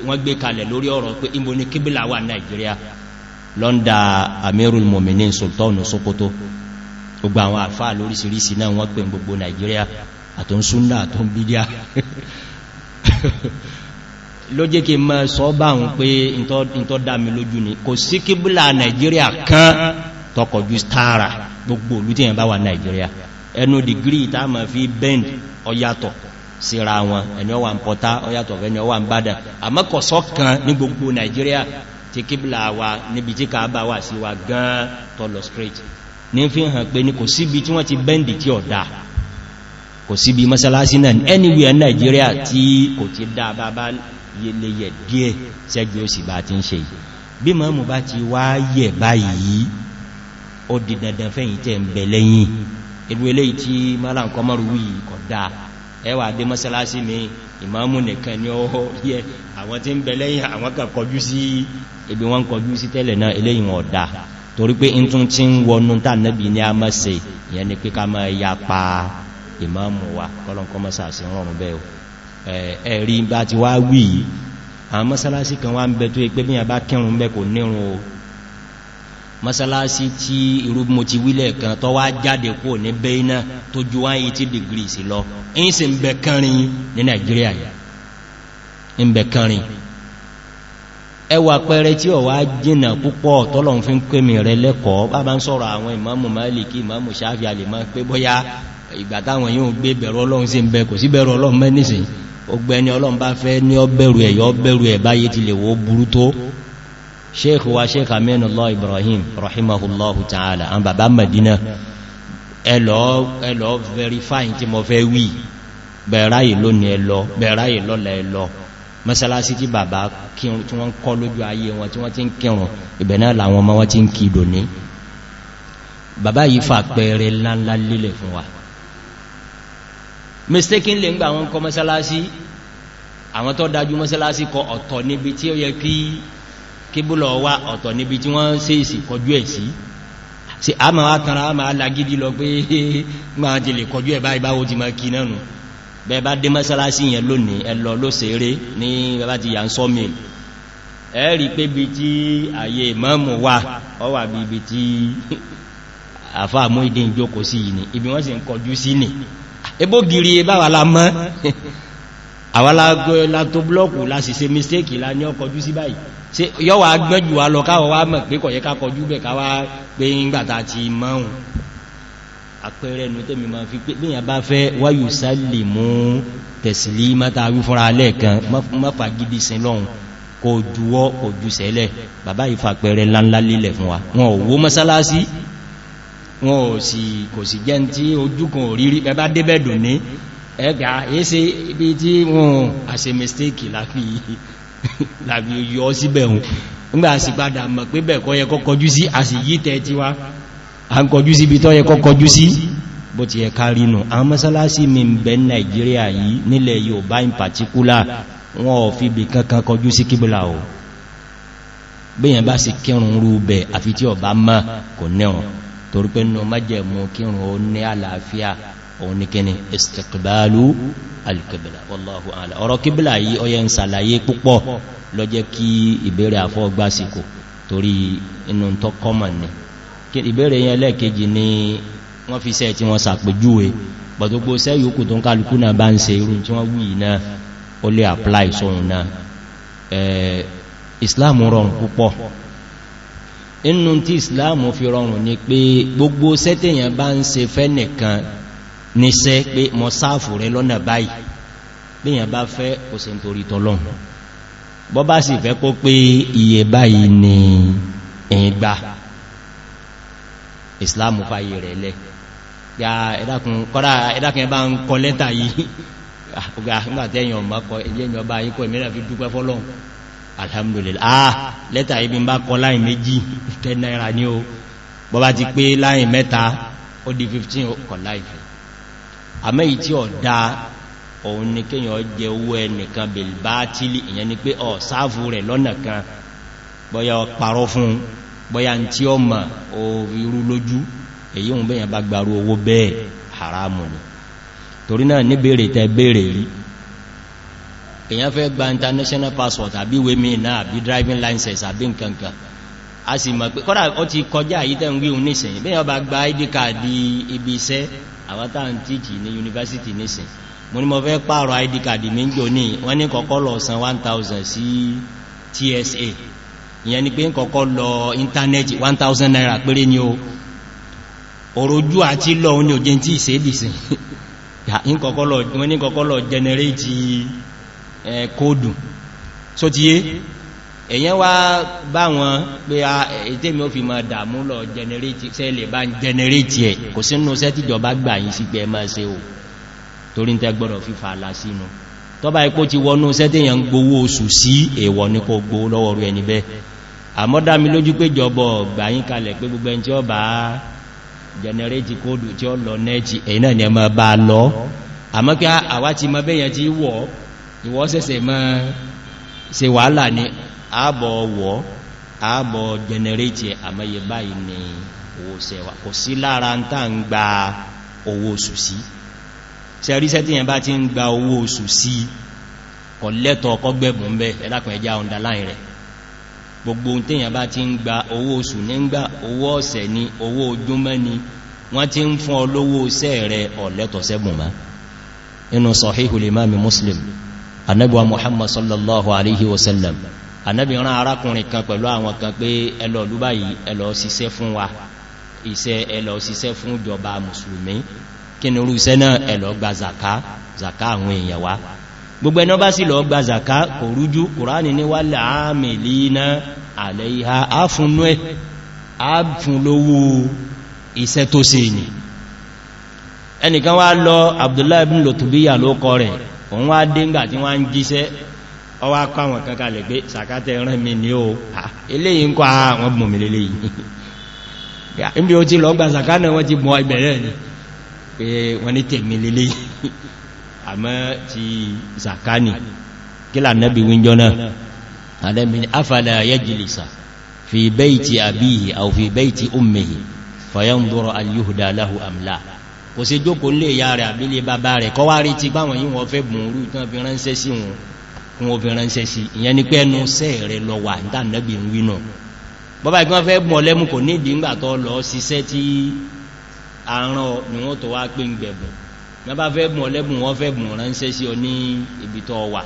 wọ́n gbé kalẹ̀ lórí ọ̀rọ̀ pé imbo ni kíbílà wà nigeria lọ́ndà amirul mominin sultan sokoto gbogbo àwọn àfáà lóríṣiríṣi náà wọ́n pè gbogbo nigeria àtún súnnà àtún bídíà ló jẹ́ kí mọ́ sọ báhùn pé ìntọ́ dámi lójú ni kò sí kíbílà nigeria kan tọkọ̀jú tààrà gbogbo olú tí yẹn bá wà Nàìjíríà ẹnu dìgírí ìta ma fi bend ọyàtọ̀ síra wọn ẹni ọwà ń pọ̀tá ọyàtọ̀ ẹni ọwà ń bádà àmọ́kọ̀sọ́ kan ní gbogbo Nàìjíríà ti kíbla wa níbi tí ká bá wà sí wa gan tọ́lọ̀ straight ní fi hàn pé ní anywhere Nàìjíríà tí kò ti dá bá bá yẹlẹ yẹ díẹ̀ sẹ́gbẹ̀ ó sì bá ti ń ṣe yìí bí mọ́mù bá ti wá yẹ̀ báyìí Odi di dandan fẹ́yìn tẹ́ ń bẹ̀ lẹ́yìn ìlú eléyìí tí malam kọmọrù wí kọ̀dá ẹwà dé mọ́sálásí mi ìmáàmù nìkan ni ó yẹ àwọn tí ń bẹ̀ lẹ́yìn àwọn kan kọjú sí ibi wọ́n kọjú sí tẹ́lẹ̀ náà eléyìí wọn ọ̀dá torí pé in tún ti ń wọnú tà ní a mọ́ se ìyẹn ni pé ká mọ́ ya pa ìmáàmù wa kọ́lọ̀kọ́ mọ́sálásí rọrùn bẹ́ẹ̀ ẹ̀rí bá ti wá wí àwọn mọ́sálásí kan wá ń bẹ masalasi tí irúgbùn ti wile kan tó wá jáde kó ní bẹ́ẹ̀nà tó ju 180 degrees lọ in sì ń bẹ kánrin ní Nigeria yà ń bẹ kánrin ẹwà pẹrẹ tí ọ̀wá jìnà púpọ̀ tọ́lọ̀n fi ń pè mì rẹ lẹ́kọ̀ọ́ bá bá ń sọ̀rọ̀ àwọn ìmáàmù Málíkì ìmáàmù Ṣáfì lè máa pé bóyá ìgbà táwọn yóò gbé bẹ̀rù Ọlọ́run sí ń bẹ kò sí bẹ̀rù Ọlọ́run mẹ́nìsìn ọgbẹ́ni Ọlọ́run bá fẹ́ ní ọbẹ̀rù ẹ̀ yọ ọbẹ̀rù ẹ̀ báyé ti lè wó burú tó sheikh wa sheikh aminullah ibrahim rahimahullahu ta'ala an baba madina ẹlọ ẹlọ verifying tí mo fẹ́ wí bẹ̀rá ìlò ní ẹlọ bẹ̀rá ìlò lẹ́ẹ̀lọ mọ́sálásí tí bàbá kírun tí wọ́n kọ́ lójú ayé wọn tí wọ́n ti ń kírun ìbẹ̀ náà làwọn ọmọ wọ́n ti ń kìdò ní bàbá yìí fà pẹ̀ẹ̀rẹ̀ láńlá lílẹ̀ fún wa mistaken lè ń gbà wọn kọ mọ́sálásí àwọn tó dájú mọ́sálásí kọ ọ̀tọ̀ níbi tí ó yẹ kí kíbùlọ̀ wà ọ̀tọ̀ níbi tí wọ́n sí ìsì kọjú ẹ̀ sí sí a ma wá tanra a ma lagidi lọ pé ma ti lè kọjú ẹ̀ báyìí báwo ti ma kí náà nù bẹ́ẹ̀ bá dé mọ́sálásí yẹn lónìí ẹlọ ló sèré ní bàbá ti yà ń sọ mi ẹ rí pé bí tí àyè mọ́mù wà ọ wà bí ibi tí àfá mú ìdí ìjókòó sí yìí ni ibi wọ́n sì ń kọjú sí ni ebó giri báwà la mọ́ àwà lágbọ́ látó blọ́ọ̀kù lásìse mistake lá ní ọkọjú sí báyìí tí yọ́ wà gbẹ́jù wa lọ káwọ wá mọ̀ pé kọ̀yẹ́ kákọjú bẹ̀ káwà pé ìgbàta ti mọ́un àpẹẹrẹ ẹnu tẹ́mi ma fi pé bí ìyàbá fẹ́ wáyù sálì mú tẹ̀sìlì mátà wí ma lẹ́ẹ̀kan mọ́fà gidi sin lọ́un kò juwọ́ kò ju sẹ́lẹ̀ bàbá ìfàpẹẹrẹ láńlá lílẹ̀ fún wa wọn ò wó mọ́sálásí wọn ò sì kò sì jẹ́ tí ojú kan ò rírí bẹ́bá débẹ̀dùn ní ẹgbà èése ibi tí wọn àṣe mistake láti yìí làbí yọ síbẹ̀ hùn nígbà sì padà mọ̀ pé bẹ̀ẹ̀kọ́ yẹ kọ́ kọjú sí a sì yí tẹ́ tí wá a ń kọjú sí ibi tọ́ yẹ kọ́ kọjú sí bó ti yẹ kárí nù àwọn mọ́sálásí mi ń bẹ nàìjíríà yìí nílẹ̀ yóòbá in particular wọn ò fi ibi kankan kọjú sí kíbìlà o bíyàn bá sì kírun rú bẹ̀ àfi tí ọba mọ́ kò nẹ́rùn torípé nù májẹ̀mú kírun ó ní àlàáfíà òun ní kíni istiqbalu alkebla wallahu ala ọ̀rọ̀ kebla yìí ọyẹ ń sàlàyé púpọ̀ lọ́jẹ́ kí ìbéèrè àfọ́gbásíkò torí inú tó kọ́mọ̀ ní ìbéèrè yẹn lẹ́ẹ̀kejì ni wọ́n fi sẹ́ tí wọ́n sàpèjúwe pọ̀tọ́gbó sẹ́ yòókù tó ń kálukú náà bá ń se irú tí wọ́n wù iná ó lè apply sóhun náà islam rọrùn púpọ̀ inú tí islam fi rọrùn ni pé gbogbo sẹ́tẹ̀yàn bá ń se fẹ́ nìkan níṣẹ́ pé mọ́ sáàfù rẹ lọ́nà báyìí bíyàn bá fẹ́ kò se ń tọ́lọ́n bọ́ bá sì fẹ́ kó pé iye báyìí ni ìgbà Islamu fàyè rẹ̀ lẹ́ ya ẹ̀dàkùn kọ́dá ẹ̀dàkùn ẹbá ń kọ lẹ́tà yìí àgbàtẹ́yàn ah, ọmọ kọ ẹjẹ́yàn ọba yìí kọ ìmẹ́rẹ̀ fi alhamdulillah ah lẹ́tà ibi bá kọ láì méjì 10 naira ní o bọ́bá ti ó di 15 àmẹ́ yìí tí ó dá òun ni kíyàn jẹ owó ẹnìkan bèlbá tílì ìyẹn ni pé ọ sáàfù rẹ̀ lọ́nà kan bọ́yá parọ́ fún bọ́yá tí ó mọ̀ orú lójú èyí òun bẹ́yàn bá gbarú owó bẹ́ẹ̀ haramu ni torí náà ní bèèrè tẹ bèèrè rí èyàn fẹ́ gba international passport àbí wémi náà àbí driving license àbí nkankan a sì mọ̀ pé kọ́dà ó ti kọjá àyítẹ̀ ń wí òun nìsẹ̀yìn bẹ́yàn bá gba id card ibi iṣẹ́ àwọn tá à ń tíjì ní yunifásitì nísìn mo ní mo fẹ́ pààrọ̀ id card mi ń jò ní wọ́n ní kọ́kọ́ lọ san 1000 sí tsa ìyẹn ni pé ń kọ́kọ́ lọ íńtánẹ́ẹ̀tì 1000 naira péré ni o òrojú àti lọ ní òjé tí ìsédìsìn wọ́n ní kọ́kọ́ lọ generate kóòdù eh, so ti èyàn wá bá wọn pé a ètè mi ó fi máa dàmú lọ generate sẹ́lẹ̀ bá ń generate ẹ̀ kò sínú sẹ́ tíjọba gbà yìí sí pé ẹ máa ṣe o torí ń tẹ́ gbọ́dọ̀ fífà àlà sínú tọ́bá ipò ti wọnú sẹ́tẹ̀yàn gbówó oṣù sí èwọ̀ ní kò gbó lọ́wọ́ rú ẹni bẹ́ àmọ́dámi lójú pé jọbọ gbàyín se wàhálà ni àbọ̀ ọwọ́ àbọ̀ jẹnẹrétì àmọ́yẹ báyìí ni owó sẹ́wà kò sí lára ń tàà ń gba owó oṣù sí tí yẹn bá ti ń gba owó oṣù sí kọ̀ lẹ́tọ̀ bẹ́ ẹja rẹ̀ gbogbo tíyàn bá ti ń gba owó oṣù ní ń gba owó ọ̀sẹ̀ ni owó ojúmọ́ ni muhammad sallallahu alaihi ànábì rán arákùnrin kan pẹ̀lú àwọn kan pé ẹlọ lúbá yìí ẹlọ ṣiṣẹ́ fún wa iṣẹ́ ẹlọ ṣiṣẹ́ fún ìjọba mùsùlùmí kí ni irú iṣẹ́ náà ẹlọ gba zaka zaka àwọn èèyàn wa gbogbo ẹ̀nà bá sì lọ gba zaka kò rújú kùránì ní wà láàmìlì iná àlẹ́ ìhà áfúnnú ẹ̀ áfúnlówó iṣẹ́ tó se ni ẹnìkan wá lọ abdullahi ibn lotubiya ọwá kọ́ àwọn kankan lè gbé sàkátẹ̀ rán mi ní o eléyìí ń kọ́ àwọn bùnmi lè léyìí níbi o ti lọ gba sàkánà wọ́n ti mọ ìbẹ̀rẹ̀ ni pé wọ́n ní tèmi lè léyìí àmọ́ ti sàkánì kí lànàbí wíjọ náà àdẹ́mi afala yajlisa fi bayti abihi aw fi bayti ummihi fayanzuru al-yuhda lahu am la kò sí jókòó lè ya rẹ̀ àbílé bàbá rẹ̀ kọ́wárí ti báwọn yíwọ́n fẹ́ bùn orú tán fi ránṣẹ́ sí wọn kún obìnrin ránṣẹ́ sí ìyẹn ni pé ẹnu sẹ́ rẹ lọ wà dánàbì ń wínà bọ́bá ìgbọ́n fẹ́ bọ̀ lẹ́mù kò ní ìdíngbà tó lọ síṣẹ́ tí àrán ni wọ́n tó wá pé ń gbẹ̀bùn wọ́n bá fẹ́ bọ̀ lẹ́mù wọ́n fẹ́ bùn ránṣẹ́ sí ọ ní ibi tó wà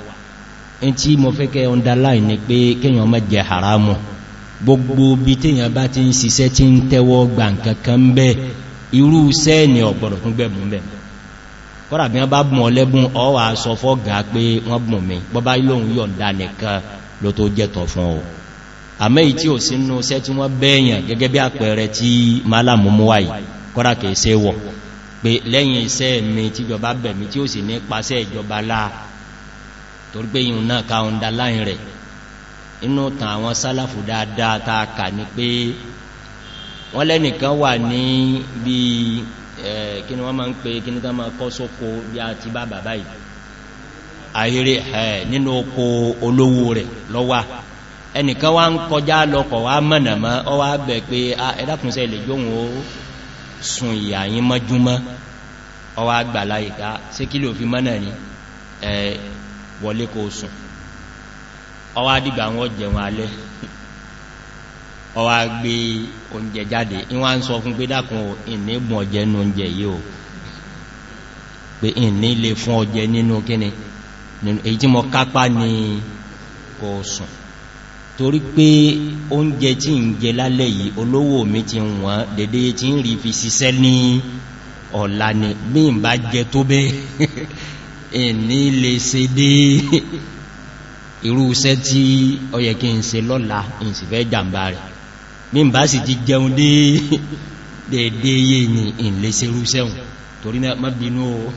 ẹn tí mo fẹ́ kẹ́ underline ni pé kéèyàn má jẹ haramu gbogbo bí téèyàn bá ti ń ṣiṣẹ́ tí ń tẹ́wọ́ gbà nǹkan kan bẹ́ẹ̀ irú sẹ́ẹ̀ ni ọ̀gbọ̀dọ̀ fún gbẹ̀bùn bẹ́ẹ̀ kọ́rà bí wọ́n bá bùn ọlẹ́bùn ọwà sọ fọ́gá pé wọ́n bùn mi bọ́bá ilóhun yọ̀nda nìkan ló tó jẹ́tọ̀ fún ọ àmẹ́ ìtí ò sínú iṣẹ́ tí wọ́n bẹ́yàn gẹ́gẹ́ bí àpẹẹrẹ tí málàmúmúwàì kọ́rà kìí ṣe wọ̀ pé lẹ́yìn iṣẹ́ mi tí jọba bẹ̀mí tí ó sì ní pàṣẹ ìjọba láà torí wà ní bíi kí ni wọ́n ń pè kí ní ká ma kọ́ sóko bí a ti bá bàbá yìí ẹ̀ nínú oko olówó rẹ̀ lọ́wà ẹnìkan wá ń kọjá lọ́kọ̀ wá mọ̀nàmọ́ ọ wá bẹ̀ pé ẹ̀dàkùnsẹ̀ lè jóhun ó sun mọ́júmọ́ ọ wá gbà láyìká sí kí fi mọ́nà ní wọlé kó sùn ọwá gbé oúnjẹ jáde ìwọ́n ń sọ fún pé dákun ìní gbùn ọjẹ́ nínú oúnjẹ yìí o pé ìní lè fún ọjẹ́ nínú kíni èyí tí mọ kápá ní kò sùn torí pé oúnjẹ tí ń jẹ lálẹ́ yìí olówó mi ti wọ́n dédé tí ń rí fi ṣiṣẹ́ ní ọ̀la ni bí n bá jẹ tó bẹ́ ìní lè ṣe dé irú iṣẹ́ tí ọyẹ kí n ṣe lọ́la ìsìnfẹ́ jàmbá rẹ̀ mi n bá sì ti jẹun dé dédé yé ní ìlẹ́sẹ̀rú sẹ́hùn torí náà má bínú o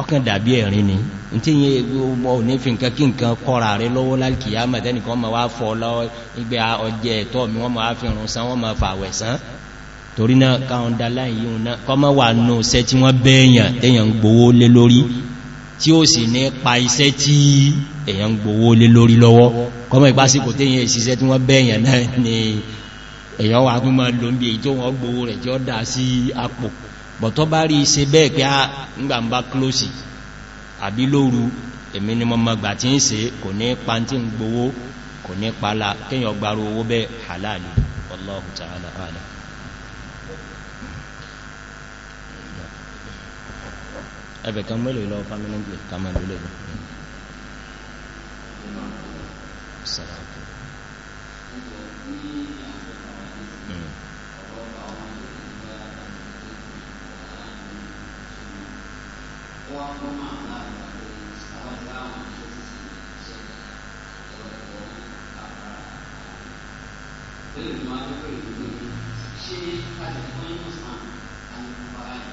ọkàn dàbí ẹ̀rin ni tí yẹ gbogbo ní fi nǹkan kí nǹkan kọ́ra rẹ lọ́wọ́ lálkìyà mẹ́tẹ́nìkan ma wá fọ́ lọ́wọ́ ìgbẹ́ ọjẹ́ ẹ̀tọ́ mi wọ́n ma wá fi rùn sán wọ́n ma fà wẹ̀sán torí náà káwọn dá láì yíò náà kọ́ tí ó sì ní pa iṣẹ́ tí èyàn gbowó lé lórí lọ́wọ́ kọmọ ìpásíkò tí èyàn ìṣiṣẹ́ tí wọ́n bẹ́yàn náà ni èyàn wà tún máa lò èyí tó wọ́n gbowó rẹ̀ tí ó dá sí apò bọ̀tọ́ bá rí iṣẹ́ bẹ́ẹ̀ ni se kò ń gbowó la ẹbẹ̀ kan mú èlò lọ permanently ká máa lò lẹ́nu. Thank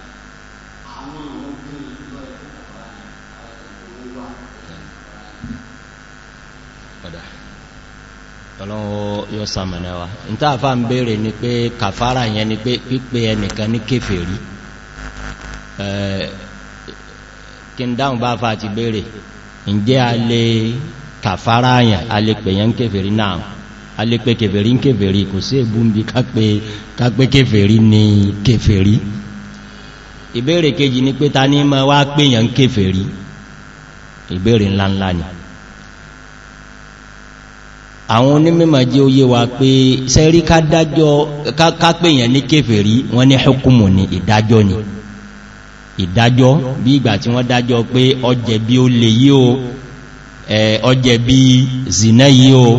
you àwọn àwọn bí ìgbọ́ ìwé wa. padà ọlọ́run yóò sàmọ̀nà wa ní tààfà ń béèrè ni pé kàfàrà yẹn ni pé pípé ẹnìkan ní kèfèrí kí n dáhùn bá fa ti béèrè ǹjẹ́ a lè kàfàrà yẹn a lè pè yẹn kèfèrí náà a lè pè kèfèrí kèfèrí kò sí èbú ń bí kápé kèfèrí ní kèfèrí ìbéèrè kejì ni pé ta ní ma wá pèèyàn ń kéfèrí ìbéèrè ńláńlá ni àwọn onímọ̀ jẹ́ oyé wa pé sẹ́rí ká dájọ́ ká pèèyàn ní kéfèrí wọ́n ní hukumu ni ìdájọ́ ni ìdájọ́ bí ìgbà tí wọ́n dájọ́ pé ọjẹ́ bí ó lè yí o ọjẹ́ bí zina yí o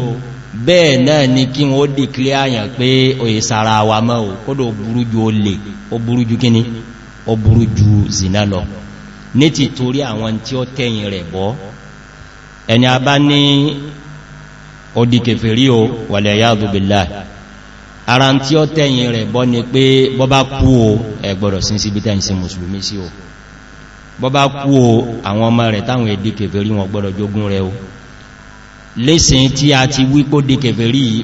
bẹ́ẹ̀ náà ni kí wọ́n dìklẹ́ àyàn pé òyìsára wa mọ́ o kódò burújú o lè o burújú kíní ó burú ju zina lọ ní ti torí àwọn tí ó tẹ́yìn rẹ̀ bọ́ ẹni a bá ní odi o wàlẹ̀ yáàdù bìlá ara tí ó tẹ́yìn rẹ̀ bọ́ ni pé bọ́bá kú o ẹgbọ̀rọ̀ sí sí bítẹ́ ìsin mùsùlùmí sí o bọ́bá kú o àwọn ọmọ rẹ̀ táwọn èdè kèfèrí wọn gbọ́dọ̀ jogún rẹ̀ o lẹ́sìn tí a ti wípó dé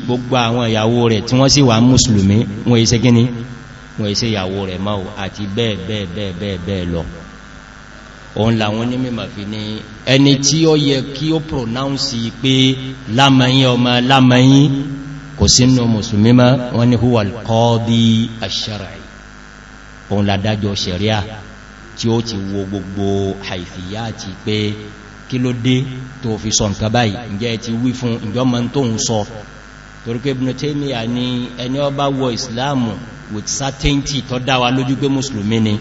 gbogbo àwọn ìyàwó rẹ̀ tí wọ́n sì wà mùsùlùmí wọ́n iṣẹ́ gíní wọ́n èsẹ́ ìyàwó rẹ̀ máa àti bẹ́ẹ̀ bẹ́ẹ̀ bẹ́ẹ̀ bẹ́ẹ̀ bẹ́ẹ̀ lọ òun làwọn ní mímọ̀ fi ní ẹni tí ó yẹ kí ó pronounce pé lámàáyín ọmọ lámàáyín kò sínú mùsùlùmí má wọ́n ní huwal qadi ash-shar'i òun làdájọ́ ṣẹ̀ríà tí ó ti wo gbogbo àìfìyà àti pé kí ló dé tó fi sọ nǹkan báyìí ǹjẹ́ ti wí fún ìjọ́mọ́ tóun sọ torí Ibn Taymiyyah ní ẹni ó wọ ìsìláàmù with certainty tó dá wa lójú pé mùsùlùmí ni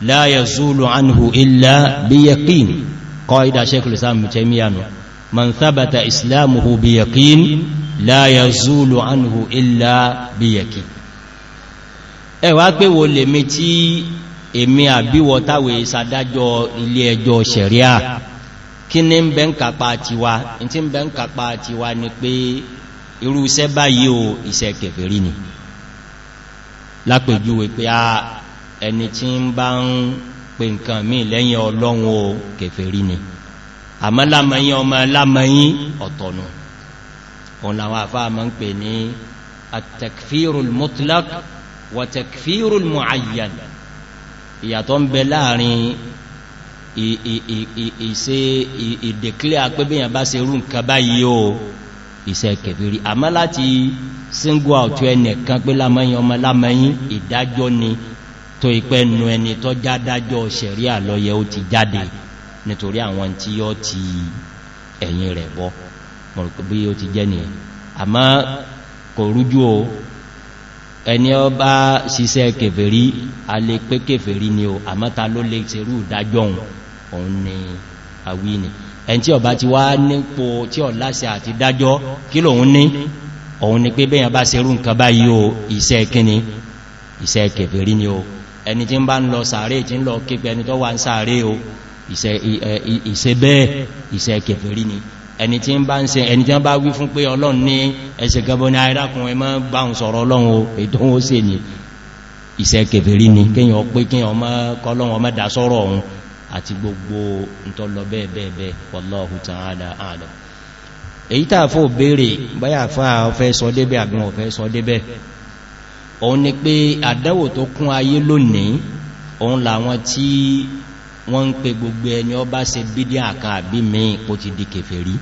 la yazulu anhu illa bi yaqin qaida shaykhul islam mutaymiyanu man thabata islamuhu bi yaqin la yazulu anhu illa bi yaqin ẹ wá pé wo lè mi tí èmi àbíwọ táwẹ ìsàdájọ́ ilé ẹjọ́ ṣẹ̀ríà kí ní ń bẹ́ ń kàpa àtiwá ní pé irúṣẹ́ báyìí o ìṣẹ́ ni. Mm -hmm lápèjúwe pé a ah, ẹni tí ń bá ń pe nǹkan mí lẹ́yìn ọlọ́run o kèfèrí ni àmá lámọ́yìn ọmọ lámọ́yìn ọ̀tọ̀nù òun làwọn àfáà mọ́ ń pè ní at-takfirul mutlaq wa takfirul mu'ayyan ìyàtọ̀ ń bẹ láàrin ìṣe ìdèkílẹ̀ apẹ́bẹ̀yàn bá ṣe rú nǹkan báyìí o iṣẹ́ kẹfìrí àmá láti single out ẹnìkan pé lámẹ́yìn ọmọ lámẹ́yìn ìdájọ́ ni tó ipẹ́ nu ẹni tó jádájọ́ sẹ̀rí àlọ́yẹ ó ti jáde nítorí àwọn tí yọ́ ti ẹ̀yìn rẹ̀ bọ́ mọ̀rùkúbí ó ti jẹ́ nìyẹn àmá kò rújú o ẹni ọ bá ṣiṣẹ́ kèfèrí a lè pé kèfèrí ni o àmọ́ta ló lè ṣerú ìdájọ́ òun ni àwí ni ẹn tí ọba ti wá nípo tí ọ láṣẹ àti dájọ́ kí lòun ní òun ni pé bẹ́yàn bá ṣe rú nǹkan báyìí o iṣẹ́ kíni iṣẹ́ kèfèrí ni o ẹni tí ń bá ń lọ sàárè tí ń lọ képe ẹni tó wà ń sàárè o iṣẹ́ e, bẹ́ẹ̀ iṣẹ́ kèfèrí ni ẹni tí ń bá ń ṣe ẹni tí wọ́n bá wí fún pé ọlọ́run ní ẹsẹ̀ gabo ní arákùnrin ẹmọ́ bá sọ̀rọ̀ ọlọ́run o ètò ó sì ní iṣẹ́ kèfèrí ni kíyàn pé kíyàn ọmọ kọlọ́run ọmọ dá sọ́rọ̀ ọ̀hun àti gbogbo ntọ́lọ bẹ́ẹ̀ bẹ́ẹ̀ bẹ́ẹ̀ wallahu ta'ala a'lam èyí tàà fò béèrè báyà fà ọ̀fẹ́ sọ débẹ̀ àbí wọn ọ̀fẹ́ sọ débẹ̀ òun ni pé àdẹ́wò tó kún ayé lónìí òun làwọn tí wọ́n ń pe gbogbo ẹni ọ bá ṣe bídí àkà àbí mìí pò ti di kèfèrí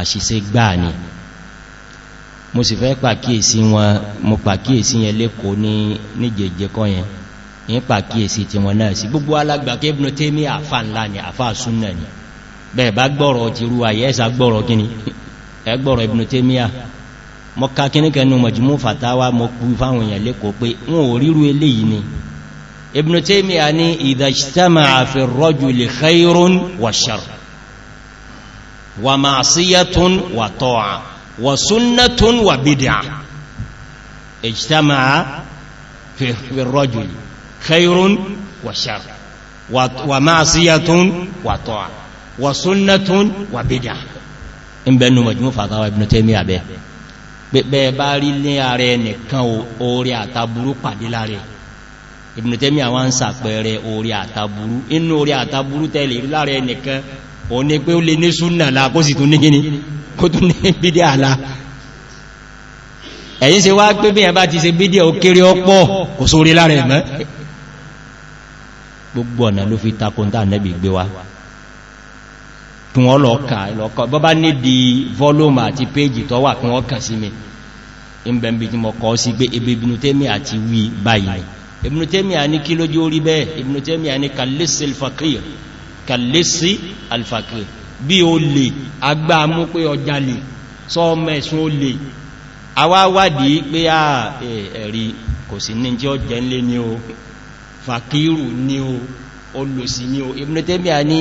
àṣìṣe gbáà ni mo sì fẹ́ pàkíyèsí wọn mo pàkíyèsí yẹn lẹ́kọ̀ọ́ ní níjẹ̀jẹ̀kọ́ yẹn ní pàkíyèsí tí wọn náà sí gbogbo alágbàkẹ́ ibùn tèmí àfà ńlá ni àfà súnnà ni bẹ́ẹ̀ bá gbọ́rọ̀ ti rú ayé ẹ́sà gbọ́rọ̀ kíni ẹgbọ́rọ̀ ibùn tèmí à mọ́ ká kíníkẹnu mọ̀júmú fàtàwà mọ́ pú fáwọn èèyàn lẹ́kọ̀ọ́ pé wọn ò ríru eléyìí ni fi rọ́jù خير وشر، shar wa وسنة وبدع. ta'a wa مجموع wa ابن in benu majmu fatawa ibn taymiya be be ba ri ni are nìkan ori ataburu pàdé lare ibn taymiya wá ń ṣàpẹẹrẹ ori ataburu inú ori ataburu tele ri lare nìkan ó ní pé ó lè sunna la kò sì tún ní kíni kò tún ní bid'ah la ẹ̀yin ṣe wá pé bí ẹ̀bá ti ṣe bídíẹ̀ ó kéré ọ̀pọ̀ kò sórí lára ẹ̀mẹ́ gbogbo ọ̀nà ló fi takunta nẹ́bì gbé wa kí wọ́n lọ kà lọ́kọ́ bọ́ bá ní di volume àti page tó wà kí wọ́n kà sí mi ìbẹ̀m̀bì tí mọ̀ kọ́ sí pé ebe Ibn Taymiyyah àti wí báyìí Ibn Taymiyyah ní kí lójú orí bẹ́ẹ̀ Ibn Taymiyyah ní kàlẹ́sì alfakir kàlẹ́sì alfakir bí o pé ọjà ẹ̀rí ah, kò sí ní tí ọjẹ́ ńlé ní o fàkírù ní o olùsí ní o Ibn Taymiyyah ní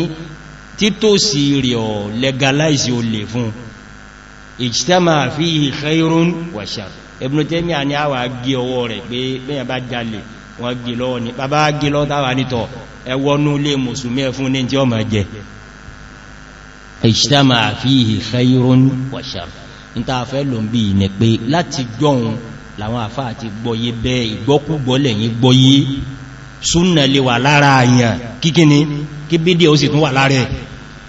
títòsí rẹ̀ ọ̀ legalize o lè fún ijtama fihi khairun wa shar Ibn Taymiyyah ní àwà gí ọwọ́ rẹ̀ pé bẹ́yàn bá jalè wọ́n gí lọ́wọ́ ní bàbá gí lọ́wọ́ táwà ní tí súnà lè wà lára àyàn kíkíní kí bídí ó sì tún wà lára ẹ̀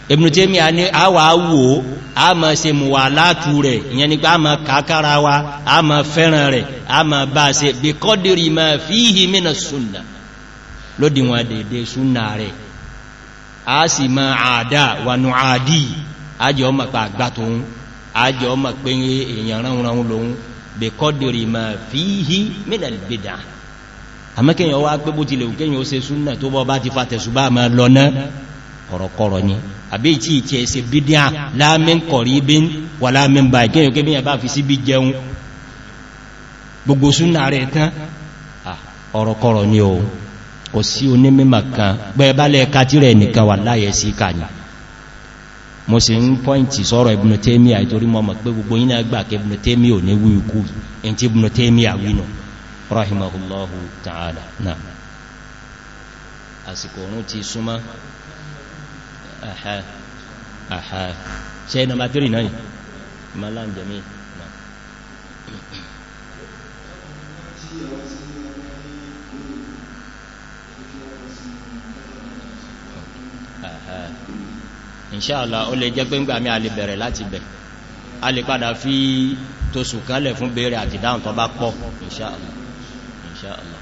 Ibn Taymiyyah ní àwà wò a ma se mú wà látú rẹ̀ ìyẹn ni pé a ma kàkàrà wa a ma fẹ́ràn rẹ̀ a ma bá se bí kọ́dìrì ma fíhì mínà súnà lódìwọ̀n dèdè súnà rẹ̀ a sì ma àdá wà nù àdí àjọ ọmọ pa àgbà tóun àjọ ọmọ pé èèyàn ránun lòun bí kọ́dìrì ma fíhì mínà bid'ah àmọ́kẹ́yàn wá pé bó ti lè òkèyàn ó se súnnà tó bọ́ bá ti fa tẹ̀sùbá ma lọ́nà ọ̀rọ̀kọ̀rọ̀ ni àbí tí ìtì ẹ̀sẹ̀ bídíà láàmín kọ̀rí bí wà láàmín bá ìkẹ́yàn kí bíyàn bá fi sí bí jẹun gbogbo ni o kò sí onímọ̀ kan gbẹ́ bálẹ̀ kátí rẹ̀ nìkan wà láyẹ̀ sí kàní mo sì ń pọ́ìntì sọ́rọ̀ gbogbo yínà gbà kẹ́ ibùnú tẹ́míà ò ní wíwíkú èyí tí ibùnú tẹ́míà rahimahullahu ta'ala náà àsìkò òun ti súnmọ́ àhá àhá ṣe nọmbà 3 náà malam jami náà àhá inṣáàlá ó lè jẹ́ pé ń gbà mí a lè bẹ̀rẹ̀ láti bẹ̀ a lè padà fi tó sùkánlẹ̀ fún béèrè àti tó bá pọ̀ inṣáàlá insya Allah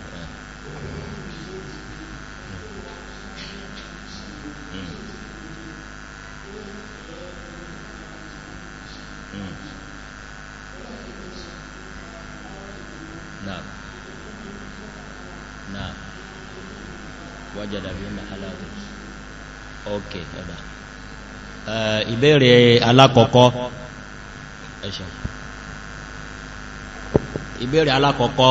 hmm. Nah. Nah. Wajada Okay, ada. ìbéèrè alákọ̀ọ́kọ́ ìbéèrè alákọ̀ọ́kọ́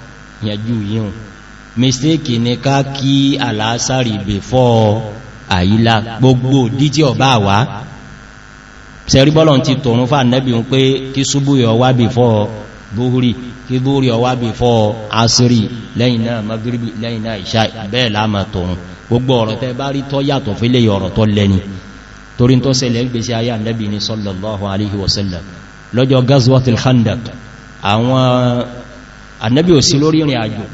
yanjú yíò mistake ni ká kí àlásàrì before àyílá gbogbo díjí ọba wá sẹ́ríbọ́lọ̀ ti tòrún fà nẹ́bí ń pé kí súbú yọ wá before búhúrì kí búhúrì ọ wá before asiri lẹ́yìn náà magribi lẹ́yìn náà ìṣà bẹ́ẹ̀ láàmà tòrún gbogbo ọ̀rọ̀ tẹ́ bá rí tọ́ yàtọ̀ lọ́jọ́ gazwatil khandaq àwọn annabi ò sí lórí ìrìn àjò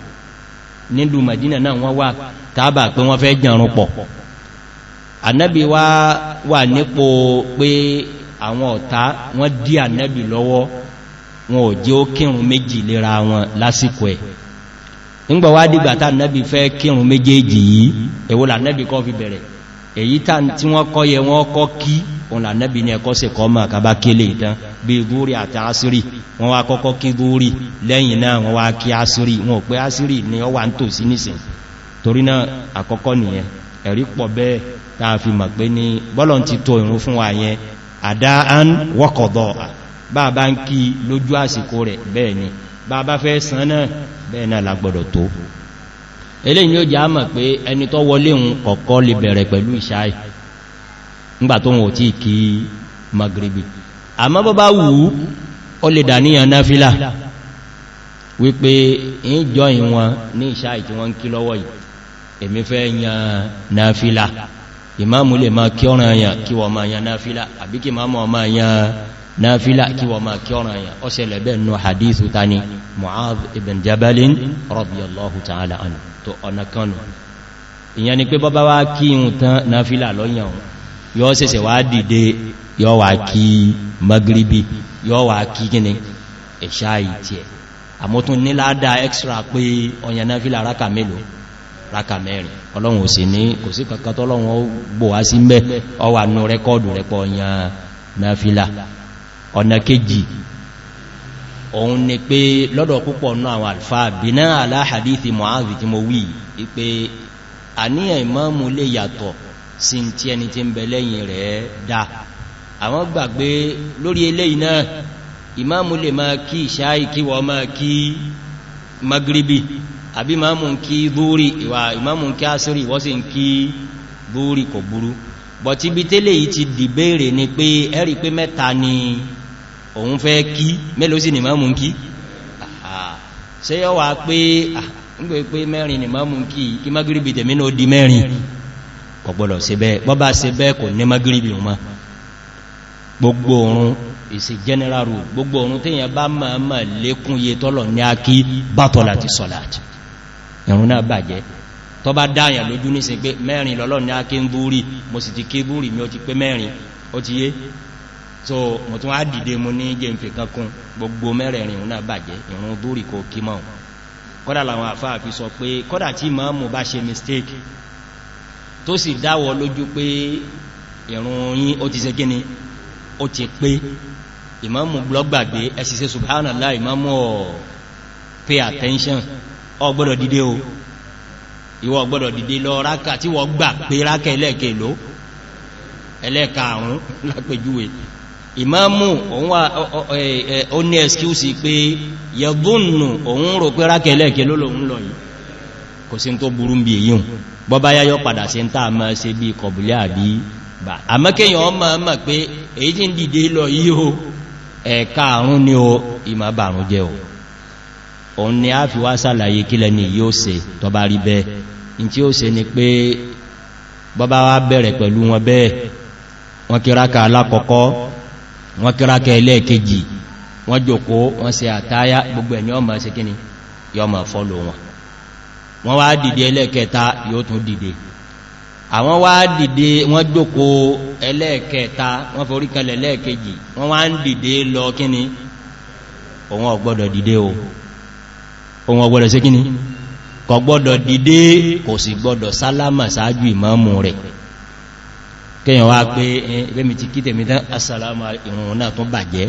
nílùú madina na wọ́n wà tàbà pé wọ́n fẹ́ jẹun pọ̀ annabi wá wà nípo pé àwọn ọ̀tá wọ́n dí annabi lọ́wọ́ wọn ò jẹ́ ó kírun méjì lera wọn lásìkò ẹ̀ nígbà wá dìgbà tá annabi fẹ́ kírun méjèèjì yìí èwo là annabi kọ́ fi bẹ̀rẹ̀ èyí tí wọ́n kọ́ yẹ wọ́n kọ́ kí òun ànẹ́bì ní ẹ̀kọ́ sí kọmọ̀ àkàbá kélé ìtàn bí gúúrí àti asiri wọ́n wá kọ́kọ́ kí gúúrí lẹ́yìn náà wọ́n wá kí asiri wọn ò pé asiri ni ọ wà ń tò sí nìsìn torí náà àkọ́kọ́ nìyẹn ẹ̀rí pọ̀ bẹ́ẹ̀ tàà fi mọ̀ pé ní bọ́lọ̀ ti tó ìrún wa yẹn àdá án wọ́kọ̀dọ̀ bàbá ń kí lójú àsìkò rẹ̀ bẹ́ẹ̀ ni bàbá fẹ́ san náà bẹ́ẹ̀ náà lagbọ̀dọ̀ tó eléyìn yóò jẹ́ àmọ̀ ńgbà tó wọn tí kí magribi àmọ́ bọ́ bá wù ó lè dàníyàn náfílà wípé ìjọ ìwọn ní ìṣà ìtí wọ́n kí lọ́wọ́ yìí èmi fẹ́ yan náfílà ìmáàmù lè máa kí ọ̀ràn àyàn kí hadithu tani Mu'adh ibn Jabalin radiyallahu ta'ala anhu tó ọ̀nà kanu ìyẹn ni pé bọ́bá wá kí ìhun tán náfílà lọ́yàn yọ́ sẹ̀sẹ̀ wá dìde yọ́ wà kí magribi yọ́ wà kí gíní ẹ̀ṣà ìtì ẹ̀ àmótún ní ládá extra pé ọ̀yàná fílà ráka mélòó ráka mẹ́rin ọlọ́run ò sí ní kò sí kankan tọ́lọ́run ó gbò wá sí mẹ́ ọwà nù rẹ́kọ́ọ̀dù rẹpọ̀ ọ̀yàn náfílà ọ̀nà kejì òun ni sí tí ẹni tí ń bẹ lẹ́yìn rẹ̀ dá àwọn gbàgbé lórí eléyìí náà ìmáàmù lè máa kí ìṣáì kí wọ́n máa kí magribi àbí ìmáàmù ń kí búrì ìwà ìmáàmù ń kí asiri wọ́n sì ń kí búrì kò burú bọ̀tí bí tẹ́lẹ̀ yìí ti dìbéèrè ni pé ẹ̀rí pé mẹ́ta ni òun fẹ́ kí mélòó sí ni máa mú kí ṣe yọ́ wà pé mẹ́rin ni máa kí kí magribi tẹ̀mínú di mẹ́rin ọ̀gbọ́dọ̀ ṣe bẹ́ẹ̀ bọ́ bá ṣe bẹ́ẹ̀ kò ní magiribi wọn gbogbo oorun ìsì general rule gbogbo oorun tí yẹn bá máa máa lékún iye tọ́lọ̀ ní a kí bátọ̀lá ti sọ̀lát ẹ̀rùn náà bàjẹ́ tọ́ bá dáyàn lójú ní so mo tún á dìde mo ní jẹ́ ìfẹ́ kankun gbogbo mẹ́rẹ̀ẹ̀rin náà bàjẹ́ ìrùn búrí kò kí mọ́ kọ́dà làwọn àfáà fi sọ pé kọ́dà tí mọ́ mo bá ṣe mistake tó sì dáwọ lójú pé ìrun yín ó ti ṣe gíní ó ti pé ìmámù blọ́gbàgbé ẹ̀sìsẹ́ subhanallah ìmámù ọ̀ pay attention ó gbọ́dọ̀ dìde o ìwọ gbọ́dọ̀ dìde lọ rákà tí wọ́n gbà pé rákà ẹlẹ́ẹ̀kẹ́ ló ẹlẹ́ẹ̀kàrún lápẹjúwe ìmámù ó ní ẹ̀skúsì pé yẹ̀dúnnù òun rò pé rákà ẹlẹ́ẹ̀kẹ́ ló lòun lọ yìí kò sí tó burú bí èyí bọ́bá yáyọ́ padà sí ń táà máa ṣe bí kọ̀bùlẹ̀ àbí bà àmọ́kẹ́yàn ọmọ ọmọ pé èyí tí ń dìde lọ yí o àrùn ni o ìmọ̀ bàrún jẹ́ o òun ni a fi wá sàlàyé kílẹ̀ ni yóò se tọba rí bẹ́ẹ̀ in tí ó se ni pé bọ́bá wá bẹ̀rẹ̀ pẹ̀lú wọn bẹ́ẹ̀ wọ́n kíráka alákọ̀ọ́kọ́ wọ́n kíráka ẹlẹ́ẹ̀kejì wọ́n jòkó wọn wọ́n wá dìde ẹlẹ́ẹ̀kẹta yóò tún dìde àwọn wá dìde wọ́n jókó ẹlẹ́ẹ̀kẹta wọ́n forí kalẹ̀ lẹ́ẹ̀kejì wọ́n wá ń dìde lọ kíni òun ọ̀gbọ́dọ̀ dìde o òun ọ̀gbọ́dọ̀ sí kíni kò dìde kò sì gbọ́dọ̀ sálámà sáájú ìmáàmù rẹ̀ kíyàn wá pé ẹgbẹ́mi eh, ti kí tèmi tán asàlámà ìrùn náà tún bàjẹ́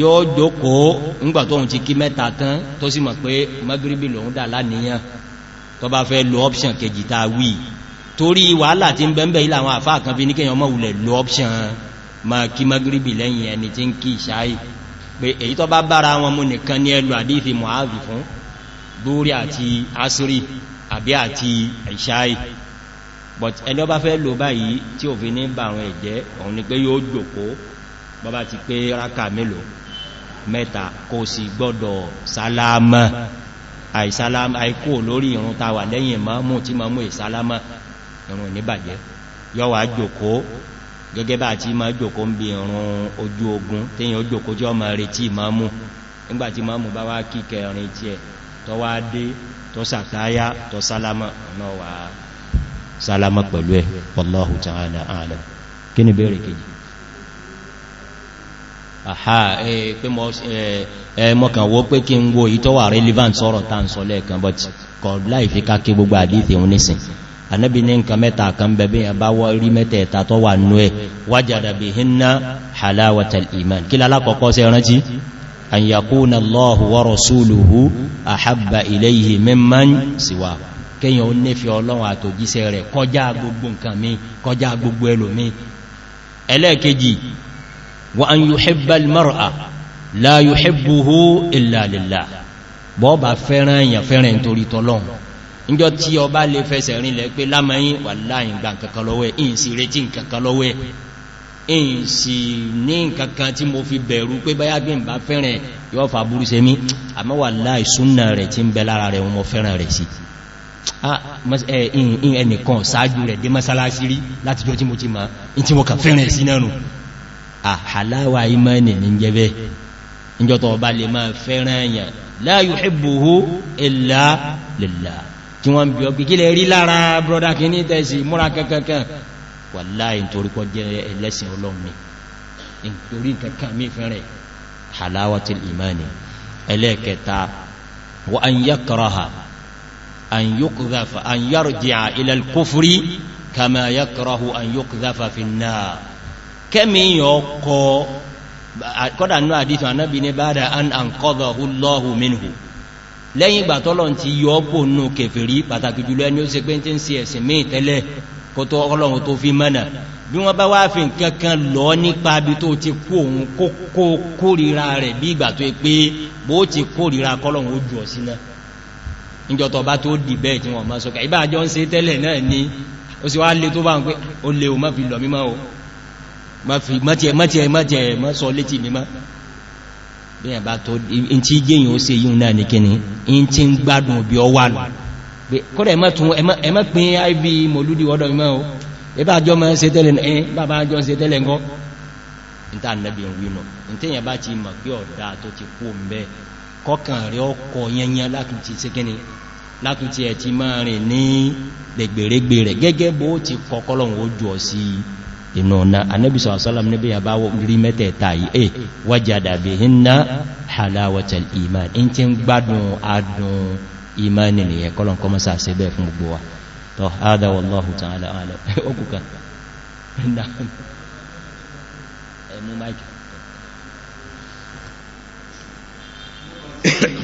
yóò jókòó ńgbà tóhun ti kí mẹ́ta tán tó sì mọ̀ pé magribi lòun dà láníyàn tó bá fẹ́ lo option kejì ta wí torí wàhálà tí ń bẹ́m̀bẹ̀ ilẹ̀ àwọn àfáà kan fi ní kíyàn mọ́ wulẹ̀ lo option ma kí magribi lẹ́yìn ẹni tí ń kí ìṣáì pé èyí tó bá bára wọn mú nìkan ní ẹlù àdífi mọ̀háàvì fún dúrí àti asiri àbí àti ìṣáì but ẹni ọba fẹ́ lo báyìí tí òfin ní bà àwọn ẹ̀jẹ́ òun ni pé yóò jòkó bọ́bá ti pé rákà mélòó mẹ́ta kò sì gbọ́dọ̀ sálámà àìsálámà àìkò lórí ìrun ta wà lẹ́yìn mọ́mú tí mọ́mú ìsálámà ìrun níbàjẹ́ yọ́wà jòkó gẹ́gẹ́ bá ti ma jòkó ń bí ìrun ojú ogun tíyàn ma retí mọ́mú nígbàtí mọ́mú bá wá kíkẹ́ ìrìn tí ẹ̀ àhá eh, pé mọ́kàn eh, eh, wó pé kí n wo ìtọ́ wà relevant sọ́rọ̀ tàn sọ lẹ́ẹ̀kan but kọ̀d láì fi ká kí gbogbo àdíthì òun nísìn anábi ní nǹkan mẹ́ta kan bẹ̀bẹ̀ yẹn bá wọ́ rí mẹ́tẹ̀ẹ̀ta tó wà nú ẹ̀ wájàdà bí hinna halawatal iman kí lálákọ̀ọ́kọ́ sí rántí an yakuna allahu wa rasuluhu ahabba ilayhi mimman siwa kéyàn ó nífẹ́ ọlọ́run àtòjíṣẹ́ rẹ̀ kọjá gbogbo nǹkan mi kọjá gbogbo ẹlòmí ẹlẹ́ẹ̀kejì wa an yuhibba al-mar'a la yuhibbuhu illa lillah bọ́ bá fẹ́ràn èyàn fẹ́ràn torí tọ́lọ́un níjọ́ tí ó bá lè fẹsẹ̀ rinlẹ̀ pé lámọ́yìn wà láàyìn gba nǹkankan lọ́wọ́ ẹ̀ ìyìn sí retí nǹkankan lọ́wọ́ ẹ̀ ìyìn sí ní nǹkankan tí mo fi bẹ̀rù pé báyá gbé ń bá fẹ́ràn yóò fà burú se mí àmọ́ wà láì súnà àhàláwà imani ní jẹ́bẹ́ ìjọtọ̀ ọba lè máa fẹ́ràn èyàn la yuhibbuhu illa lillah tí wọ́n bí ọgbì kí lè rí lára brọ́dá kì ní tẹ́sì múra kankankan wallahi nítorí kọ́ jẹ́ ẹlẹ́sìn ọlọ́run nítorí kankan mí fẹ́rẹ̀ halawatil imani ẹlẹ́kẹta wa an yakraha an yuqdhafa an yarji'a ila al-kufri kama yakrahu an yuqdhafa fi an kẹ́mìyàn ọkọ̀ kọ́dà ní àdìtàn anábi ní báadà an an kọ́dọ̀ hulọ́hù minhu lẹ́yìn ìgbà tọ́lọ̀ ti yọ pò nù kèfèrí pàtàkì jùlọ ẹni ó se pé tí ń se ẹ̀sìn mí tẹ́lẹ̀ kó tó ọlọ́run tó fi mẹ́nà bí wọ́n bá wá fi kankan lọ nípa bí tó ti kó òun kókó kórìíra rẹ̀ bí ìgbà tó pé bó ti kórìíra kọ́lọ̀run ó jù ọ síná níjọ́tọ̀ bá tó dì bẹ́ẹ̀ tí wọ́n máa sọ́kà ìbájọ́ ń se tẹ́lẹ̀ náà ni ó sì wá lè tó bá ń pé ó lè ò má fi lọ mímọ́ o ma fi mọ́tí mọ́tí mọ́tí mọ́ sọ létí mímọ́ bí i bá tó in tí jíyàn ó se yíò náà ní kíni in tí ń gbádùn bí ọ wà nù kọ́dẹ̀ ẹmọ́tún ẹmọ́pin iv mọ̀lúdí ọdọ̀ mímọ́ o ẹbá àjọ mọ́ se tẹ́lẹ̀ ẹ́ bàbá àjọ se tẹ́lẹ̀ ńkọ́ níta nẹ́bí ń wínà nítẹ̀yàn bá ti mọ̀ pé ọ̀dá tó ti kú mbẹ́ kọ́kàn rẹ̀ ọkọ̀ yẹnyẹn látúntí sí kíni látúntí ẹ̀ ti máa rìn ní lẹ̀gbẹ̀rẹ̀gbẹ̀ gẹ́gẹ́ bó ti kọ́kọ́lọ́hun ó jù sí i inú ọ̀nà anábìsọ̀ àsálàm níbi àbá rí mẹ́tẹ̀ẹ̀ta yìí eh wájádà bí i ná halawatal iman in ti ń gbádùn adùn iman nìyẹn kọlọ̀n kọmọ sàṣẹ́ bẹ́ẹ̀ fún gbogbo wa tọ́ hádà wallahu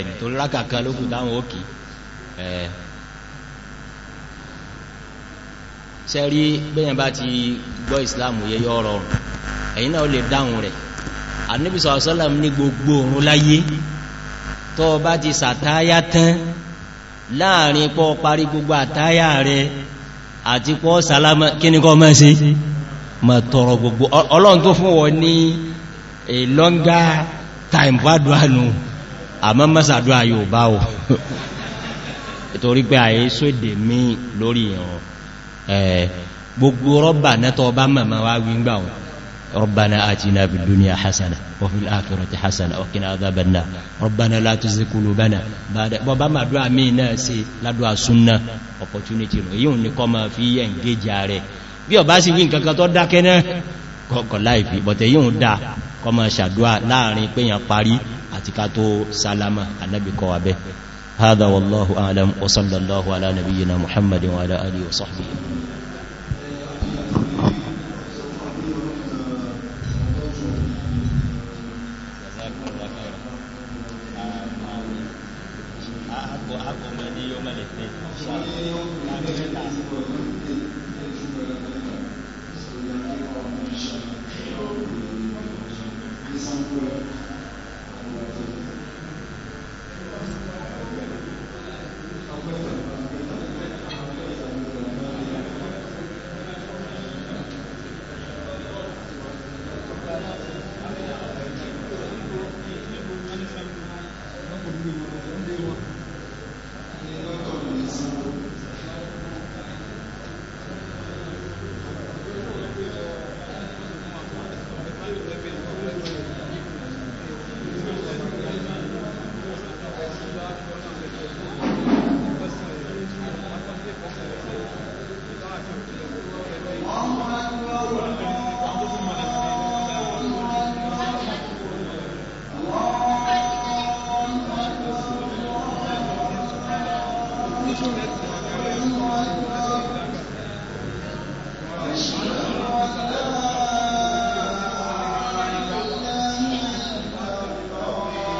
rẹ̀ nítorí rákàkà lókù táwọn ó kì ẹ̀ sẹ́rí bẹ́yàn bá ti gbọ́ ìsìláàmù yẹ yọ ọ̀rọ̀ ẹ̀yìn náà ó lè dáhùn rẹ̀ àníbìsọ̀ ọ̀sọ́làm ní gbogbo òun láyé tó bá ti sàtáyá tán láàrin pọ́ parí gbogbo àtáyá rẹ̀ àti pọ́ sàlámà kíníkọ́ mẹ́ sí ma tọrọ gbogbo ọlọ́run tó fún wọ ní a longer time vádùánù àmọ́ mọ́sàdúwà yóò bá o torí pé àyè sóde mí lórí ìran gbogbo rọ́bà nẹ́tọ́ ọba mọ̀mọ́ wá gbígbà wọn ربنا آتنا في الدنيا حسنة وفي الآخرة حسنة وقنا عذاب النار ربنا لا تزغ قلوبنا بعد bàbá ma dua mi na ṣe la dua sunna opportunity no yun ni ko ma fi engage are bí ó bá sì wí nǹkan kan tó dákẹ́ náà ko ko life but yun da ko ma ṣàdúà láàrin pé yan parí àti ká tó sálámà annabi kọwa bẹ́ هذا والله أعلم وصلى الله على نبينا محمد وعلى آله وصحبه